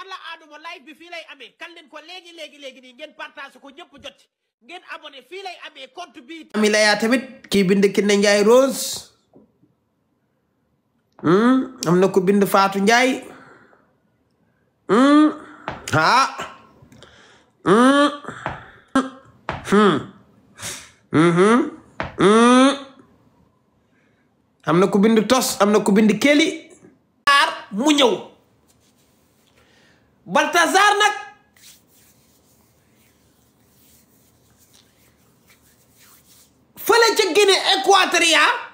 alla aaduma live bi fii lay amee kan leen ko léegi léegi léegi nii ngeen partage ko ñëpp jot ngeen abonné fii lay amee compte bi tamit kii bind ki Njaay Rose hmm? am na ko bind Faatu Njaay hmm? hmm? am na ko bind tos am na ko bind keli aar mu ñëw Balthazar nag fële ca Guinée Équatoriale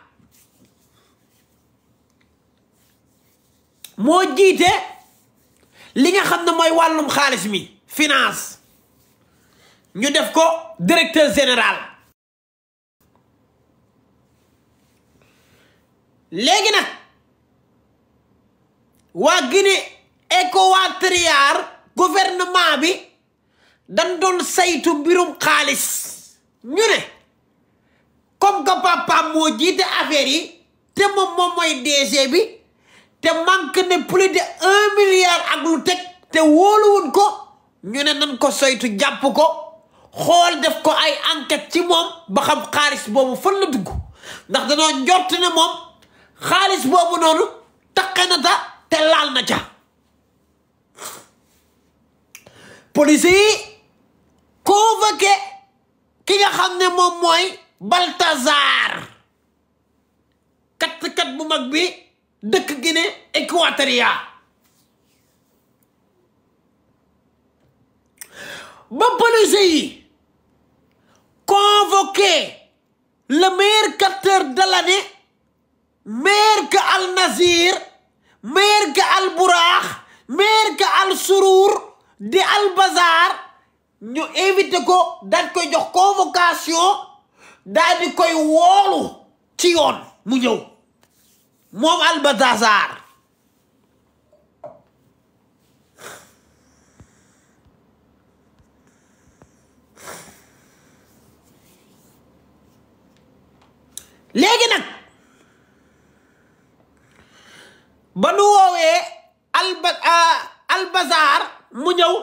moo jiite li nga xam ne mooy wàllum xaalis mi finance ñu def ko directeur général léegi nag waa Guinée ECOWATRIAR gouvernement bi dañ doon saytu mbirum xaalis ñu ne comme que papa moo jiite affaire yi te moom moom mooy DG bi te manque ne plus de un milliard ak lu teg te wóoluwun ko ñu ne nan ko saytu jàpp ko xool def ko ay enquête ci moom ba xam xaalis boobu fan la dugg ndax danoo njort ne moom xaalis boobu noonu taqe na ta te laal na ca police yi convoqué ki nga xam ne moom mooy Baltazar kattkat bu mag bi dëkk Guinée Équatoriale ba police yi convoqué le meilleur capteur de l'année meilleur que Al Nazir meilleur que Al Buraax meilleur que Al Suruur di albazar ñu invité ko daal koy jox convocation daal di koy woolu ci yoon mu ñëw moom albazar léegi nag ba nu woowee mu ñëw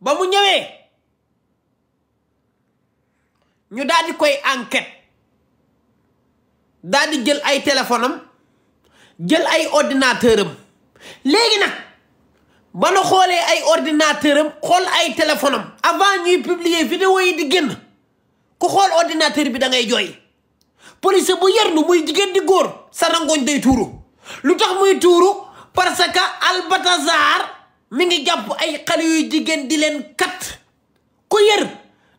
ba mu ñëwee ñu daal di koy enquête daal di jël ay téléphone jël ay ordinateur léegi nag ba nu xoolee ay ordinateur xool ay téléphone am avant ñuy publier vidéo yi di génn ku xool ordinateur bi dangay ngay jooy police bu yernu muy jigéen di góor sa rangoñ day tuuru lu tax muy tuuru parce que Albatazar mi ngi jàpp ay xale yu jigéen di leen kat ku yër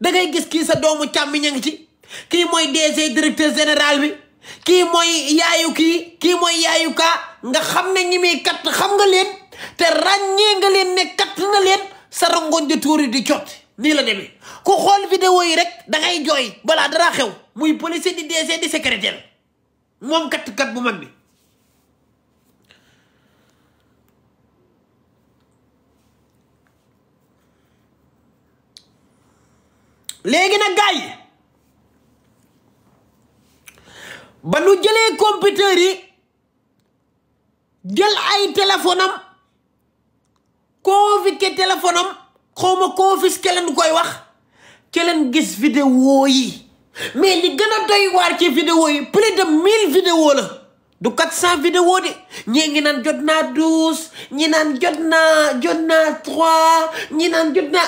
da ngay gis kii sa doomu càmmi ña ngi ci kii mooy DG directeur général bi kii mooy yaayu kii kii mooy yaayu kaa nga xam ne ñi muy kat xam nga leen te ràññee nga leen ne kat na leen sa rangoon di tuuri di coot nii la demee ku xool de yi rek da ngay jooy balaa dara xew muy policier di DG di secrétaire moom kat kat bu mag bi léegi nag gars yi ba nu jëlee computeurs yi jël ay téléphone am convoqué téléphone am xaw ma confisqué leen koy wax ci leen gis vidéo yi mais li gën a doy waar ci vidéo yi plus de mille vidéo la du 400 vidéo de ñii ngi naan jot naa 12 ñi naan jot naa jot naa ñi naan jot naa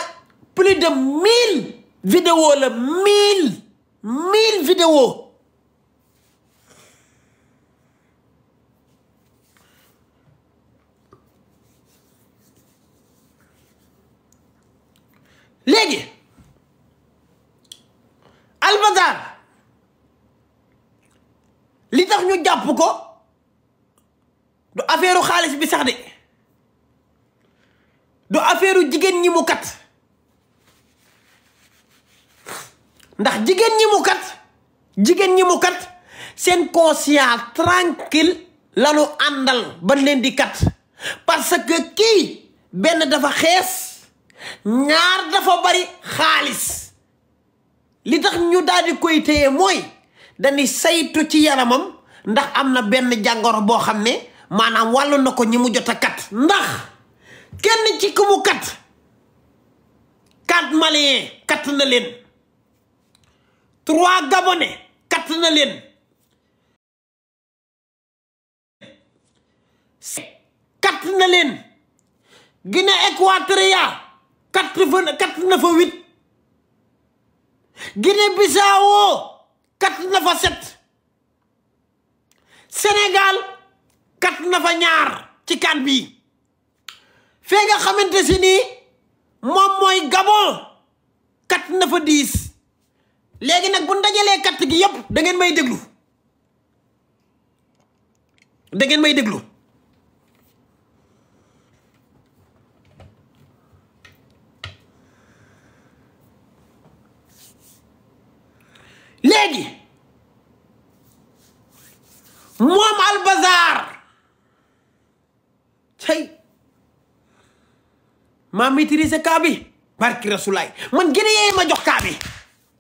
plus de 1000 vidéo la mille vidéo léegi Albazaar li tax ñu jàpp ko du affaire xaalis bi sax de du affaire jigéen ñi kat ndax jigéen ñi mu kat jigéen ñi mu kat seen conscience tranquille lanu àndal ba leen di kat parce que kii benn dafa xees ñaar dafa bari xaalis li tax ñu daal di koy téye mooy dañuy saytu ci yaramam ndax am na benn jàngoro boo xam ne maanaam wàllu na ko ñi mu jot a kat ndax kenn ci ku mu kat kat malien kat na leen trois gabonais kat na leen kat na leen Guinée Équatoriale kat na fa huit Guinée Bissau kat na fa sept Sénégal kat na fa ñaar ci kan bi fee nga xamante si nii moom mooy Gabon kat na fa dix léegi nag bu ndajalee carte gi yëpp da ngeen may déglu da may déglu léegi moom albazar cay maa maîtriser kaa bi barki rasulaay man gën yee ma jox kaa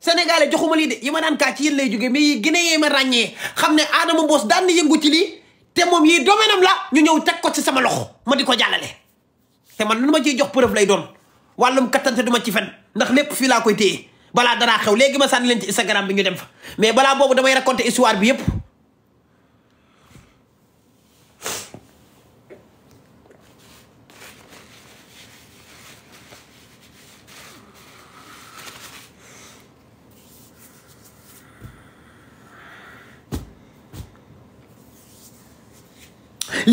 sénégalais joxuma lii de yi ma daan kaa ci yéen lay jógee mais yi Guinée yee ma ràññee xam ne Adama Mbos daan na yëngu ci lii te moom yii domaine am la ñu ñëw teg ko ci sama loxo ma di ko jàllale te man lu ma ciy jox preuve lay doon wàllum kattante du ma ci fen ndax lépp fii laa koy téye balaa daraa xew léegi ma sànni leen ci Instagram bi ñu dem fa mais balaa boobu damay raconter histoire bi yëpp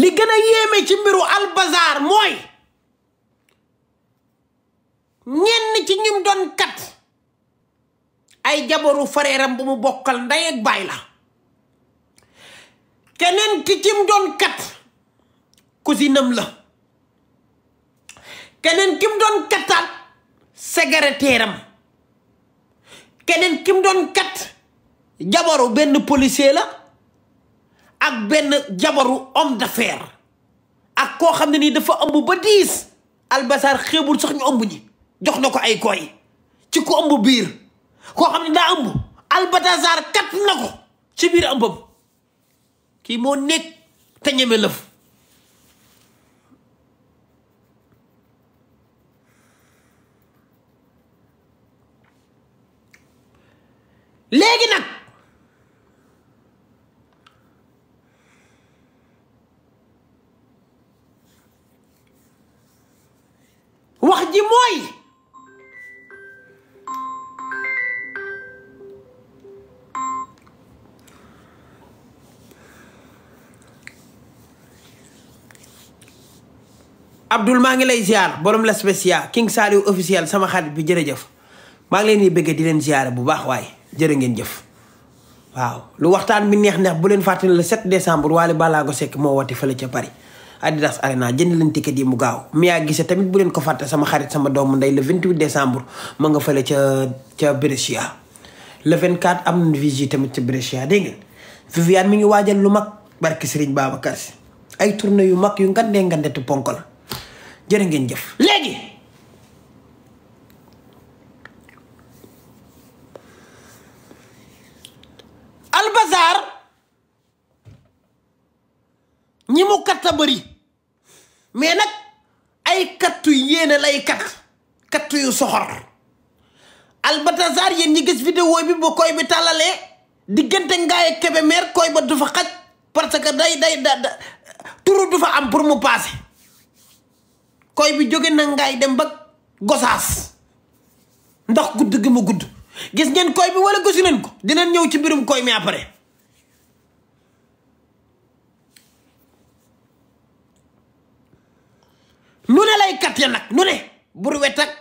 li gën a yéeme ci mbiru albazar mooy ñenn ci ñim doon kat ay jabaru fareeram bu mu bokkal ndey ak baay la keneen ki cim doon kat cousinam la keneen kim doon kataat secrétaire keneen kim doon kat jabaru benn policier la ak benn jabaru homme d'affaires ak koo xam ne nii dafa ëmb ba diis albasar xeebul sax ñu ëmb ñi jox na ko ay koy ci ku ëmb biir koo xam ne daa ëmb albasar kat na ko ci biir ëmbam kii moo nekk te ñeme lëf léegi nag wax ji mooy Abdoul maa ngi lay ziar borom la spécial King Saliou officiel sama xarit bi jërëjëf maa ngi leen di bëgg di leen ziar bu baax waaye jërë ngeen jëf waaw lu waxtaan bi neex neex bu leen fàttali le 7 décembre Wally Ballago Seck moo wati fële ca Paris Adidas Arena jënd leen ticket yi mu gaaw Mia Guissé tamit bu leen ko fàtte sama xarit sama doomu ndey le 28 décembre ma nga fële ca ca Brescia le 24 am na visite tamit ca Brescia dégg ngeen Viviane mi ngi waajal lu mag barki Serigne Babacar Sy ay tournée yu mag yu ngandee ngandetu ponk la jërë ngeen jëf léegi albazar ñi mu katta bëri mais nag ay kattu yéene lay kat kattu yu soxor Albatazar yéen ñi gis vidéo bi boo koy bi tàllalee diggante Ngaye Kébémer koy ba du fa xaj parce que day day da turu du fa am pour mu paase koy bi jóge na Ngaye dem ba gosaas ndax gudd gi mu gudd gis ngeen koy bi wala gisu leen ko dinañ ñëw ci mbirum koy mi après laykat ya nag nu ne burwet ak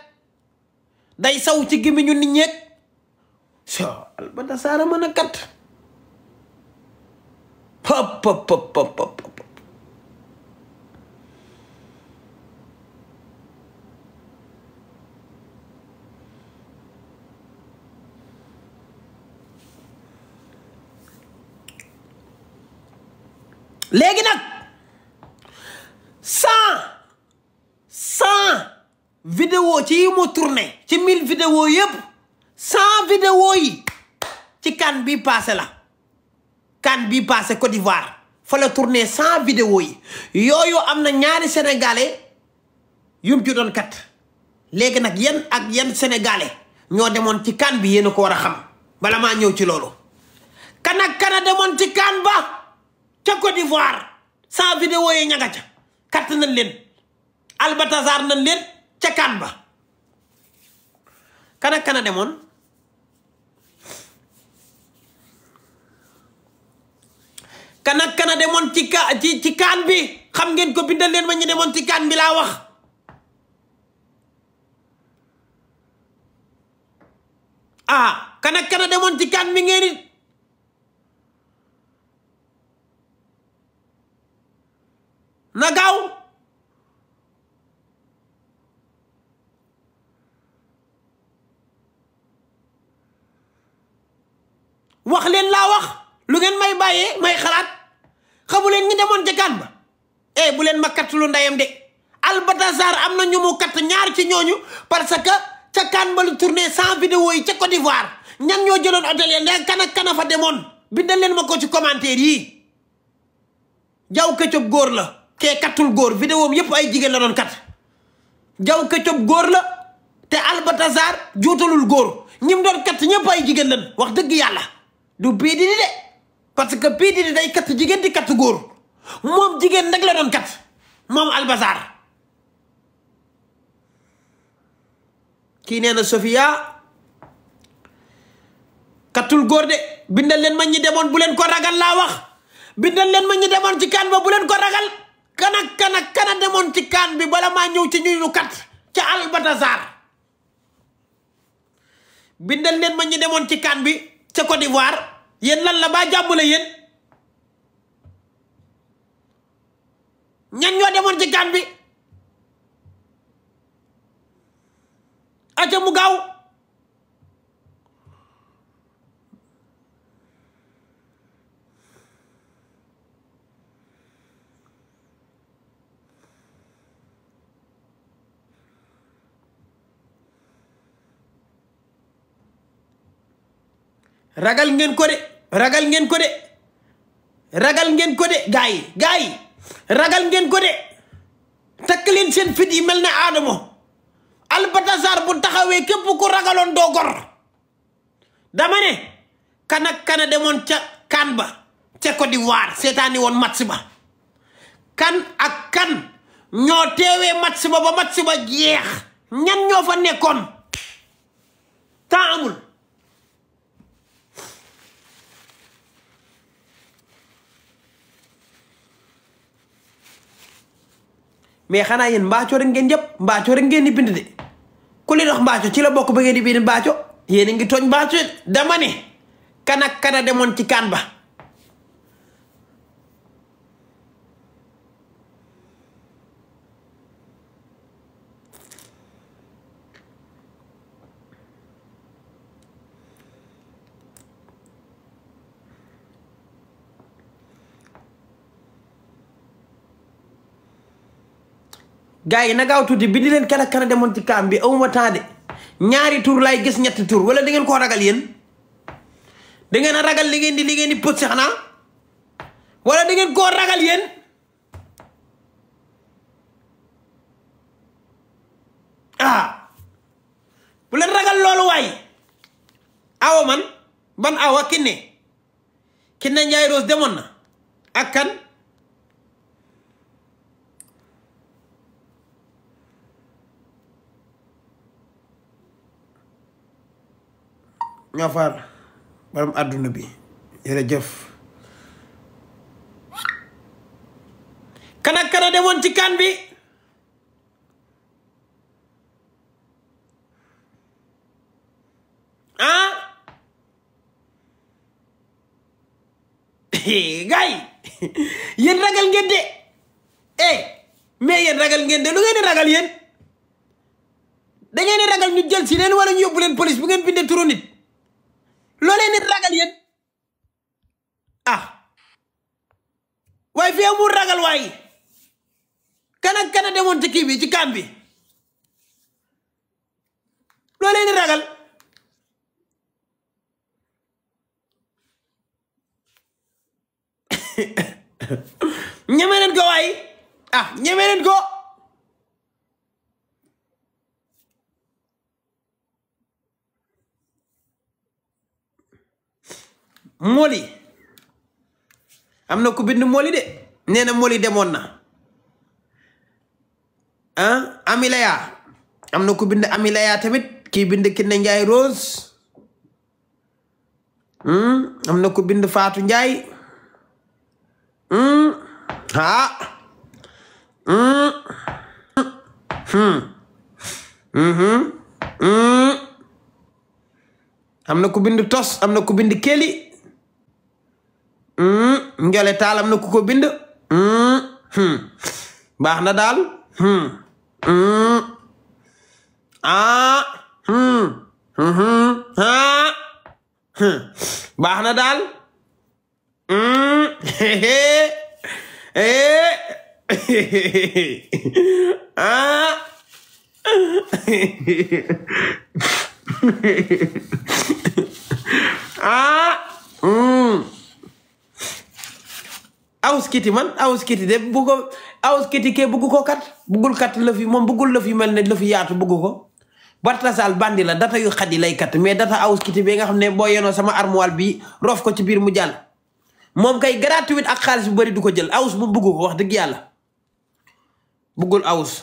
day saw ci gémmiñu nit ñeeg so albada saara mën a kat léegi nag cent cent vidéo ci yi mu tourné ci mille video yëpp cent vidéo yi ci kan bi passé la kan bi passé Côte d'Ivoire fa la tourné cent vidéo yi yooyu am na ñaari sénégalais yum ci doon kat léegi nag yan ak yan sénégalais ñoo demoon ci kan bi yéen a ko war a xam bala maa ñëw ci loolu kan ak kana demoon ci kan ba ca Côte d'Ivoire cent vidéo yi ña nga kat nañ leen albatazar nañ leen ca kan ba kana kana demoon kana kana demoon ci ka ci ci bi xam ngeen ko bindal leen ma ñu demoon ci kaan bi laa wax ah kana kana demoon ci kaan bi ngeen it na gaaw wax leen laa wax lu ngeen may bàyyee may xalaat xamu leen ñi demoon ca ba eh bu leen ma katt lu ndeyam de Albatassar am na ñu mu katt ñaar ci ñooñu parce que ca kaan ba lu tourné sans vidéo yi ca Côte d'Ivoire ñan ñoo jëloon hôtel yi ndax kan kana fa demoon bindal leen ma ko ci commentaire yi jaw këccëg góor la kee kattul góor vidéo yépp ay jigéen la doon kat jaw këccëg góor la te Albatassar juutalul góor ñi mu doon kat ñëpp ay jigéen lañ wax dëgg yàlla du bii di de parce que bii di di day kat jigéen di kat góor moom jigéen nag la doon kat moom albasar kii nee na Sofia kattul góor de bindal leen ma ñi demoon bu leen ko ragal laa wax bindal leen ma ñi demoon ci kaan ba ko ragal kana kana demoon ci kaan bi bala maa ñëw ci ñu ñu kat ca albasar bindal leen ma ñi demoon ci kaan bi ca Côte d'Ivoire yéen lan la baa jàmm la yéen ñan ñoo demoon ci kan bi aca mu gaaw ragal ngeen ko de ragal ngeen ko de ragal ngeen ko de gaa yi ragal ngeen ko de takk leen seen fit yi mel na aadamo albatasar bu taxawee képp ku ragaloon doo gor dama ne kan ak kana demoon ca kan ba ca Côte d'Ivoire seetaani woon match ba kan ak kan ñoo teewee match ba ba match ba jeex ñan ñoo fa nekkoon temps mais xanaa yéen mbaacoo rek ngeen jëpp mbaacoo rek ngeen di bind de ku leen wax mbaaco ci la bokk ba ngeen di bind mbaaco a ngi tooñ mbaaco dama ne kana kana demoon ci kaan ba gars yi na gaaw tuuti bi di leen kan ak kan a demoon ci bi awuma temps de ñaari tour lay gis ñetti tour wala da ngeen koo ragal yéen dangeen a ragal li ngeen di li ngeen di pës xanaa wala ragal yéen ah bu leen ragal loolu waay awa man ban awa kinne kinne Njaay Rose demoon na akkan ñafaar baram àdduna bi jërëjëf kan ak kan demoon ci kan bi ah gaay yéen ragal ngeen de eh mais yéen ragal ngeen de lu ngeen di ragal yéen da ragal ñu jël si leen wala ñu yóbbu leen police bu ngeen bindee turu nit loo leen di ragal yéen ah waaye fii amul ragal waaye kan ak kan a demoon ci kii bi ci kàmb bi loo leen di ragal ñeme ko waaye ah ñeme ko. moli am na ku bind moli de nee moli demoon na ah amilaya am na ku bind amilaya tamit kii bind Kiné Njaay Rose hmm, am na ku bind Faatu Njaay hmm, ah hmm. am na ku bind tos am na ku bind keli Hmm, njole taalam na ku ko bind hmm, hmm. baax na daal ah, ah. baax na daal eh. ah ah awuskiti man awuskiti de bu ko awuskiti ke bugg ko kat buggul kat lëf yi moom buggul lëf yi mel ne lëf yaatu bugg ko saal bandi la data yu xat yi lay kat mais data awuskiti bi nga xam ne boo yenoo sama armoire bi roof ko ci biir mu jàll moom kay gratuite ak xaalis bu bëri du ko jël awus mu bugg ko wax dëgg yàlla buggul awus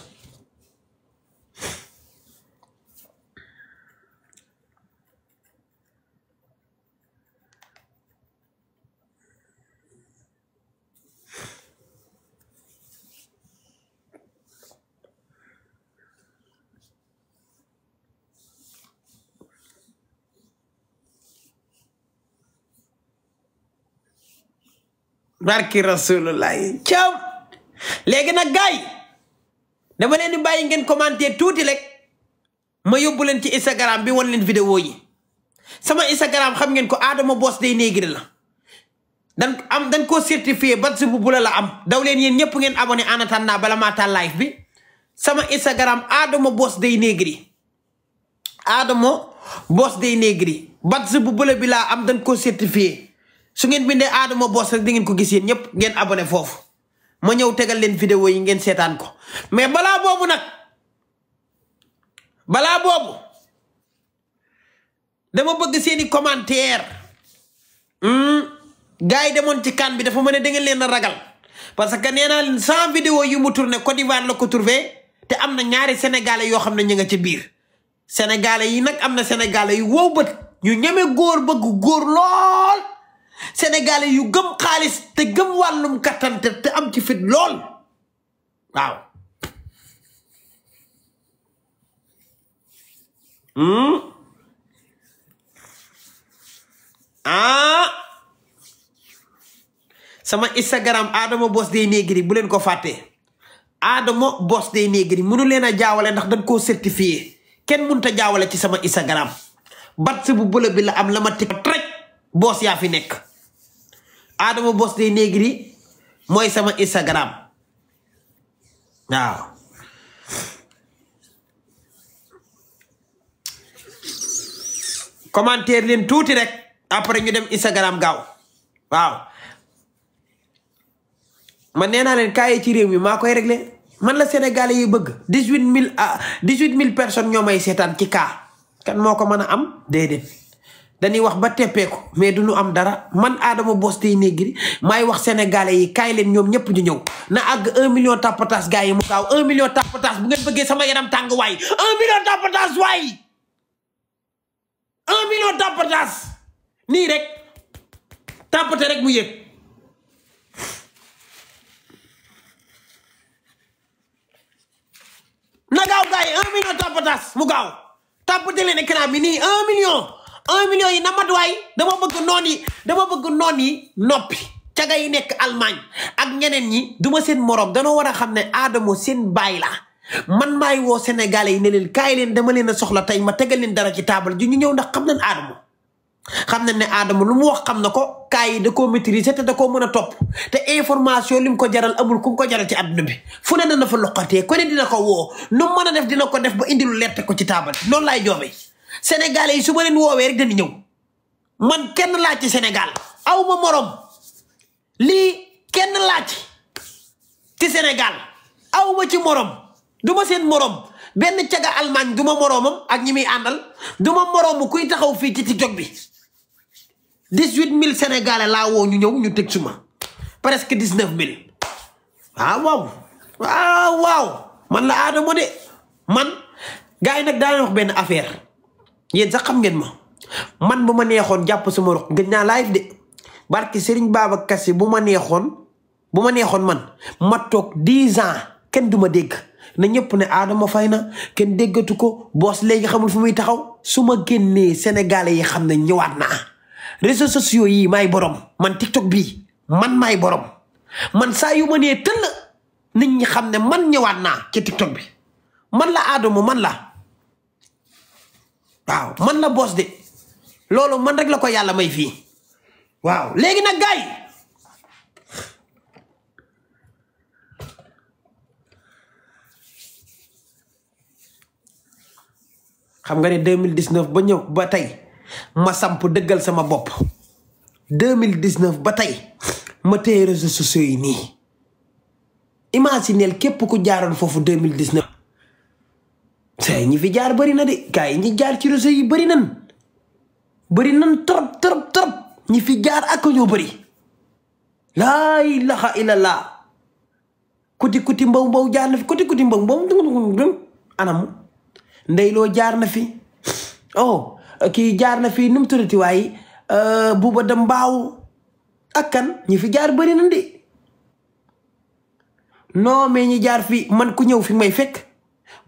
barki rasulullahi ciao léegi nag gaay dama leen di bàyyi ngeen commenter tuuti rek ma yóbbu leen ci Instagram bi wan leen vidéo yi sama Instagram xam ngeen ko Adama Boss day Negri la dan am dañ koo certifié bat bu bula la am daw leen yéen ñëpp ngeen abonné en attendant bala maa taal bi sama Instagram Adama Boss Dey Negri Adama Boss Dey Negri bat bu bula bi laa am dañ koo certifié su ngeen bindee Adama Boss rek di ngeen ko gis yéen ñëpp ngeen abonné foofu ma ñëw tegal leen vidéo yi ngeen seetaan ko mais balaa boobu nag balaa boobu dama bëgg seeni commentaire hmm? gars yi demoon ci kan bi dafa mën ne leen a ragal parce que nee naa leen cent vidéo yu mu tourné Côte d'Ivoire la ko te am na ñaari sénégalais yoo xam ne ñu nga ci biir sénégalais yi nag am na sénégalais yu wow bët ñu ñeme góor bëgg góor lool. sénégalais yu gëm xaalis te gëm wàllum kattan te am ci fit lool waaw hmm? ah sama Instagram adama Boss Dey Negri bu leen ko fàtte Adamo Boss Dey Negri mënu leen a jaawale ndax dañ koo certifié kenn mënut ta jaawale ci sama Instagram bat bu bëla bi am la ma boos yaa fi nekk Adama bos de néegri mooy sama Instagram waaw commentaire leen tuuti rek après ñu dem Instagram gaaw waaw man nee naa leen kaa yi ci réew mi maa koy réglé man la Sénégalais yi bëgg dix huit mille ah dix mille personnes ñoo may seetaan ci kaa kan moo ko mën a am déedéet. dañuy wax ba teppeeku mais du lu am dara man Adama Boss Téye Negri maay wax sénégalais yi kaay leen ñoom ñëpp ñu ñëw na àgg un million tapatas gars yi mu gaaw un million tapatas bu ngeen bëggee sama yaram tàng waay un million nii rek tapate rek mu yëg na gaaw gars yi un million tapatas mu gaaw tapate leen écran bi nii un million un million yi na matuwaay dama bëgg noon yi dama bëgg noon yi noppi caga yi nekk Allemagne ak ñeneen ñi duma seen morom danoo war a xam ne Adamo seen baay la man maay woo Sénégalais yi ne leen kaay leen dama leen a soxla tey ma tegal leen dara ci taabal ji ñu ñëw ndax xam nañ Adamo xam nañ ne Adamo lu mu xam ne ko kaay yi da koo maîtriser te da koo mën a topp te information li mu ko jaral amul ku ko jaral ci àdduna bi fu ne na na loqatee ku dina ko woo nu mën a def dina ko def ba indilu lu ko ci taabal noonu laay joobee sénégalais yi su ma leen woowee rek dañu ñëw man kenn laaj ci Sénégal awma ma morom lii kenn laaj ci ci Sénégal aw ci morom du ma seen morom benn caga Allemagne duma ma ak ñi muy àndal duma ma moromu kuy taxaw fii ci ci TikTok bi dix-huit mille sénégalais laa woo ñu ñëw ñu tëj suma presque dix-neuf mille ah, waaw waaw ah, waaw man la aadama de man gars yi nag daa benn affaire. yéen sax xam ngeen ma man bu ma neexoon jàpp sama roq gën naa live de barki Serigne Babacar Sy bu ma neexoon bu ma neexoon man ma toog dix ans kenn du dégg na ñëpp ne ma fay na kenn déggatu ko boos léegi xamul fu muy taxaw su ma génnee sénégalais yi xam ne ñëwaat naa réseaux sociaux yi maay borom man TikTok bii man maay borom man saa yu ma nee tëll nit ñi xam ne man ñëwaat naa ci bi man la Adama man la waaw man la boss de loolu man rek la ko yàlla may fii waaw léegi nag gars xam nga ne 2019 ba ñëw ba tey ma samp dëggal sama bopp 2019 ba tey ma téye réseaux sociaux yi nii imagineel képp ku jaaroon foofu 2019 say ñi fi jaar bari na de gars yi ñi jaar ci réseau yi bari nan bari nan trop trop trop ñi fi jaar ak ñoo bëri laa ilaha illallah kuti kuti mbaw mbaw jaar na fi kuti kuti anam ndeyloo jaar na fi oh kii jaar na fi nu mu tuddati waaye euh, buuba da mbaaw ak kan ñi fi jaar bari nan de non mais ñi jaar fi man ku ñëw fi may fekk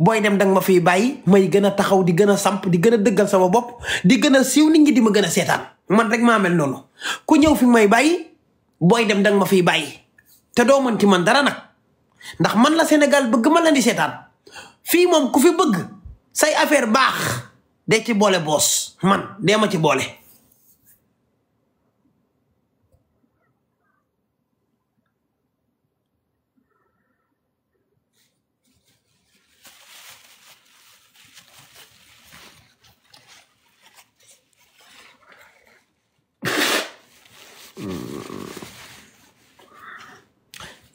booy dem danga ma fi bàyyi may gën a taxaw di gën a samp di gën a dëggal sama bopp di gën a siiw nit ñi di ma gën a seetaan man rek maa mel noonu ku ñëw fi may bàyyi booy dem danga ma fi bàyyi te doo man ci man dara nag ndax man la Sénégal bëgg ma la di seetaan fii moom ku fi bëgg say affaire baax de ci boole boos man dee ma ci boole.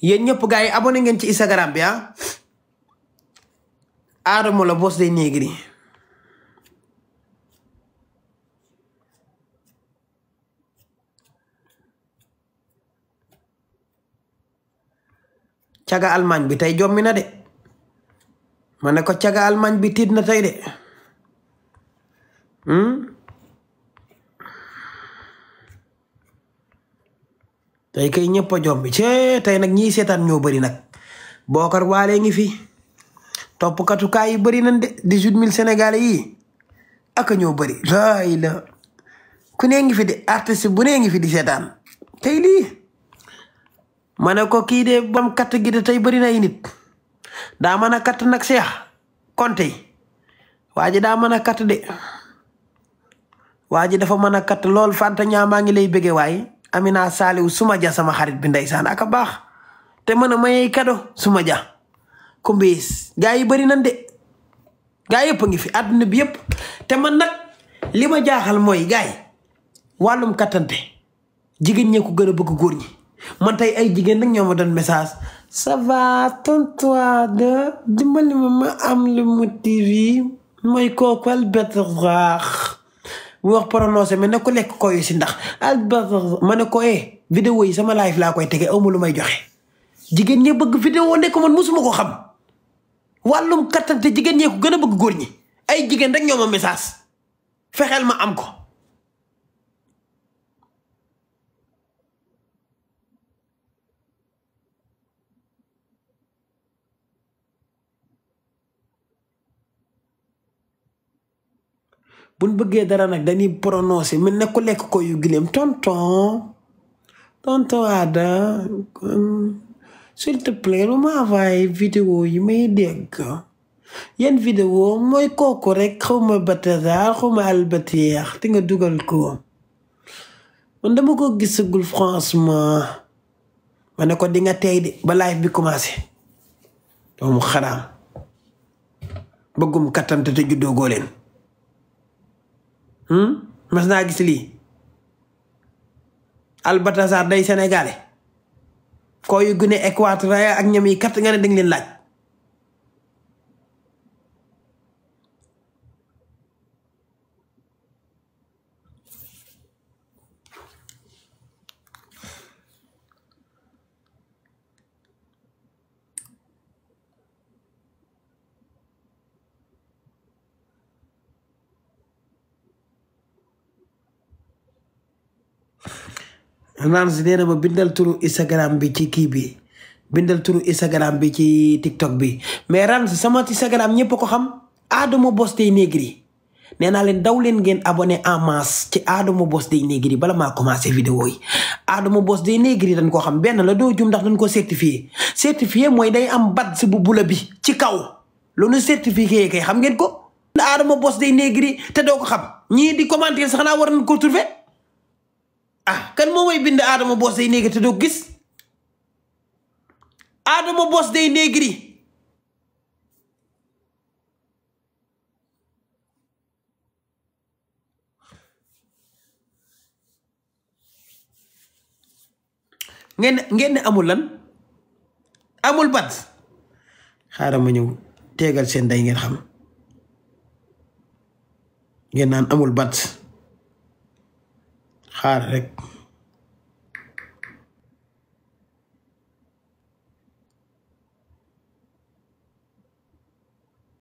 yéen ñëpp gars yi abonné ngeen ci Instagram bi ah Adamo la boss des négri caga almaañ bi tey jommi na de ma ne ko caga almaañ bi tiit na tey de hmm? tey kay ñëpp a cee tey nag ñi seetaan ñoo bari nag bookar waalee ngi fi toppkatu kaay yi bari nañ de dix-huit mille sénégalais yi ak ñoo bëri laay ku nee ngi fi de artiste bu nee ngi fi di seetaan tey lii ma ne ko kii de bam katt gi de tey bari na nit daa mën a katt nag seex konte waa ji daa mën a katt de waa ji dafa mën a katt lool fanta ñaamaa ngi lay bëgge waaye Amina Saliou suma ja sama xarit bi ndeysaan ak a baax te mën a mayee kado suma ja ku mbiis gaa yi bëri nan de gaa yëpp a ngi fi àdduna bi yëpp te man nag li jaaxal mooy gaa yi wàllum kattante jigéen ñee ko gën a bëgg góor ñi man tey ay jigéen nag ñoo ma doon message ça va tontoir de dimbali ma ma am lu mu TV mooy kookal bett mu wax prononcé mais na ku lekk koy si ndax albax ma ne ko eh yi sama live laa koy tege amu lu may joxe jigéen ñee bëgg vidéo nekk man mosuma ko xam wàllum kattante jigéen ñee ko gën a bëgg góor ñi ay jigéen rek ñoo ma fexeel ma am ko buñ bëggee dara nag dañuy prononcé mel ne ku lekk ko yu gileem tonton tonton Ada s'il te plaît lu ma envoyé yi may dégg yan vidéo mooy kooku rek xawma Balthazar xawma Albatiax te nga dugal ko man dama ko gisagul franchement ma ne ko di nga tey de ba live bi commencé doomu xaraam bëggum kattan te te juddoo Hmm? mas naa gis lii Albatasar day sénégalais koo yu Guinée Équatoriale ak ñam yi kat nga ne dañ leen laaj naan si nee na ma bindal turu Instagram bi ci kii bi bindal turu Instagram bi ci TikTok bi mais Rans sama Instagram ñëpp ko xam Adamo Boss Day Negri nee naa leen daw leen ngeen abonné en masse ci Adamo Boss Day Negri bala commencé vidéo yi Adamo Boss Day Negri dañ ko xam benn la doo jum ndax dañ ko certifié certifié mooy day am badge bu bula bi ci kaw lu nu certifié kay xam ngeen ko Adamo bos Day négri te doo ko xam ñii di commenter sax naa war nañ ko trouver ah kan moo may bind Adama Boss day néegri te doo gis Adama bos day néegri ngeen ngeen ne amul lan amul bat xaaral ma ñëw tegal seen day ngeen xam ngeen naan amul bat xaar rek